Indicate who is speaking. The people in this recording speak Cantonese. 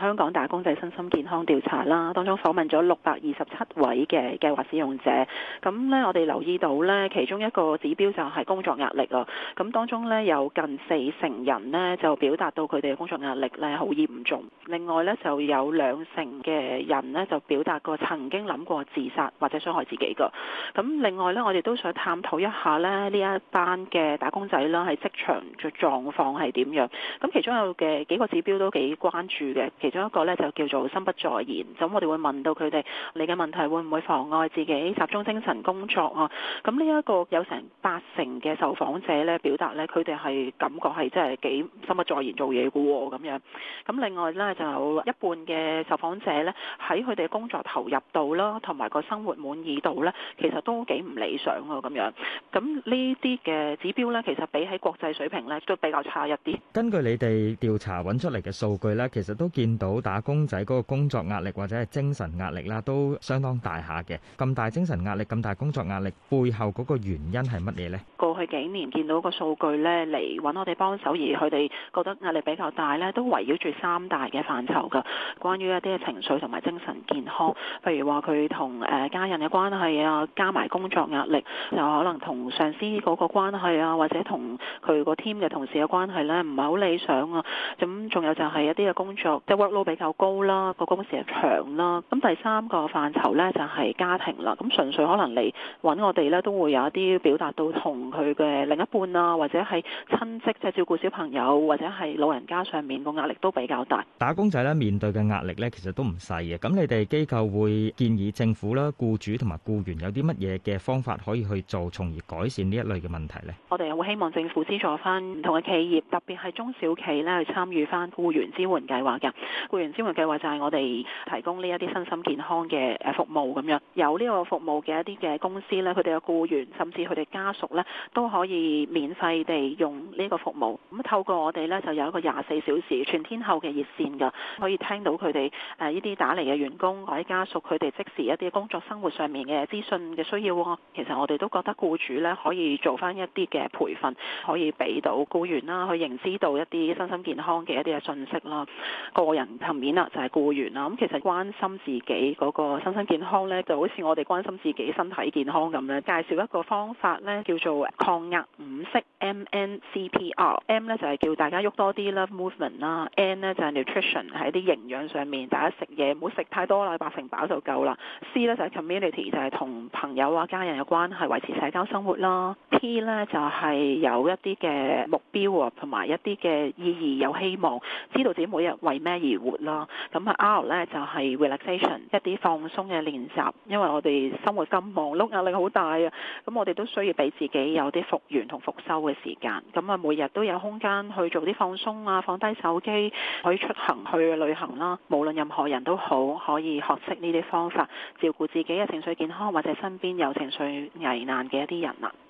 Speaker 1: 香港打工仔身心健康調查啦，當中訪問咗六百二十七位嘅計劃使用者，咁呢，我哋留意到呢，其中一個指標就係工作壓力咯。咁當中呢，有近四成人呢就表達到佢哋嘅工作壓力呢好嚴重。另外呢，就有兩成嘅人呢就表達過曾經諗過自殺或者傷害自己㗎。咁另外呢，我哋都想探討一下呢，呢一班嘅打工仔啦喺職場嘅狀況係點樣？咁其中有嘅幾個指標都幾關注嘅。其中一個咧就叫做心不在焉，咁我哋會問到佢哋，你嘅問題會唔會妨礙自己集中精神工作啊？咁呢一個有成八成嘅受訪者咧，表達咧，佢哋係感覺係真係幾心不在焉做嘢噶喎，咁樣。咁另外咧就有一半嘅受訪者咧，喺佢哋嘅工作投入度啦，同埋個生活滿意度咧，其實都幾唔理想噶，咁樣。咁呢啲嘅指標咧，其實比喺國際水平咧都比較差一啲。
Speaker 2: 根據你哋調查揾出嚟嘅數據咧，其實都見。到打工仔嗰個工作壓力或者係精神壓力啦，都相當大下嘅。咁大精神壓力，咁大工作壓力背後嗰個原因係乜嘢咧？
Speaker 1: 過去幾年見到個數據咧，嚟揾我哋幫手，而佢哋覺得壓力比較大咧，都圍繞住三大嘅範疇噶。關於一啲嘅情緒同埋精神健康，譬如話，佢同誒家人嘅關係啊，加埋工作壓力，就可能同上司嗰個關係啊，或者同佢個 team 嘅同事嘅關係咧，唔係好理想啊。咁仲有就係一啲嘅工作攞比較高啦，個工時又長啦。咁第三個範疇呢，就係家庭啦。咁純粹可能嚟揾我哋呢，都會有一啲表達到同佢嘅另一半啊，或者係親戚即係、就是、照顧小朋友或者係老人家上面個壓力都比較大。
Speaker 2: 打工仔呢，面對嘅壓力呢，其實都唔細嘅。咁你哋機構會建議政府啦、雇主同埋雇員有啲乜嘢嘅方法可以去做，從而改善呢一類嘅問題呢？
Speaker 1: 我哋係會希望政府資助翻唔同嘅企業，特別係中小企呢，去參與翻雇員支援計劃嘅。僱員支援計劃就係我哋提供呢一啲身心健康嘅，誒服務咁樣，有呢個服務嘅一啲嘅公司咧，佢哋嘅僱員甚至佢哋家屬咧都可以免費地用呢個服務。咁透過我哋咧就有一個廿四小時全天候嘅熱線噶，可以聽到佢哋誒呢啲打嚟嘅員工或者家屬，佢哋即時一啲工作生活上面嘅資訊嘅需要。其實我哋都覺得僱主咧可以做翻一啲嘅培訓，可以俾到僱員啦去認知到一啲身心健康嘅一啲嘅信息啦，個人。層面啦，就係雇員啦。咁其實關心自己嗰個身心健康呢，就好似我哋關心自己身體健康咁呢。介紹一個方法呢，叫做抗壓五式 M N C P R。M 呢就係叫大家喐多啲啦，movement 啦。N 呢就係 nutrition，喺啲營養上面，大家食嘢唔好食太多啦，八成飽就夠啦。C 呢就係 community，就係同朋友啊、家人有關係，維持社交生活啦。P 呢就係有一啲嘅目標啊，同埋一啲嘅意義有希望，知道自己每日為咩而活啦，咁啊 R 咧就係 relaxation，一啲放鬆嘅練習。因為我哋生活咁忙碌，壓力好大啊，咁我哋都需要俾自己有啲復原同復修嘅時間。咁啊，每日都有空間去做啲放鬆啊，放低手機，可以出行去旅行啦。無論任何人都好，可以學識呢啲方法照顧自己嘅情緒健康，或者身邊有情緒危難嘅一啲人啦。啊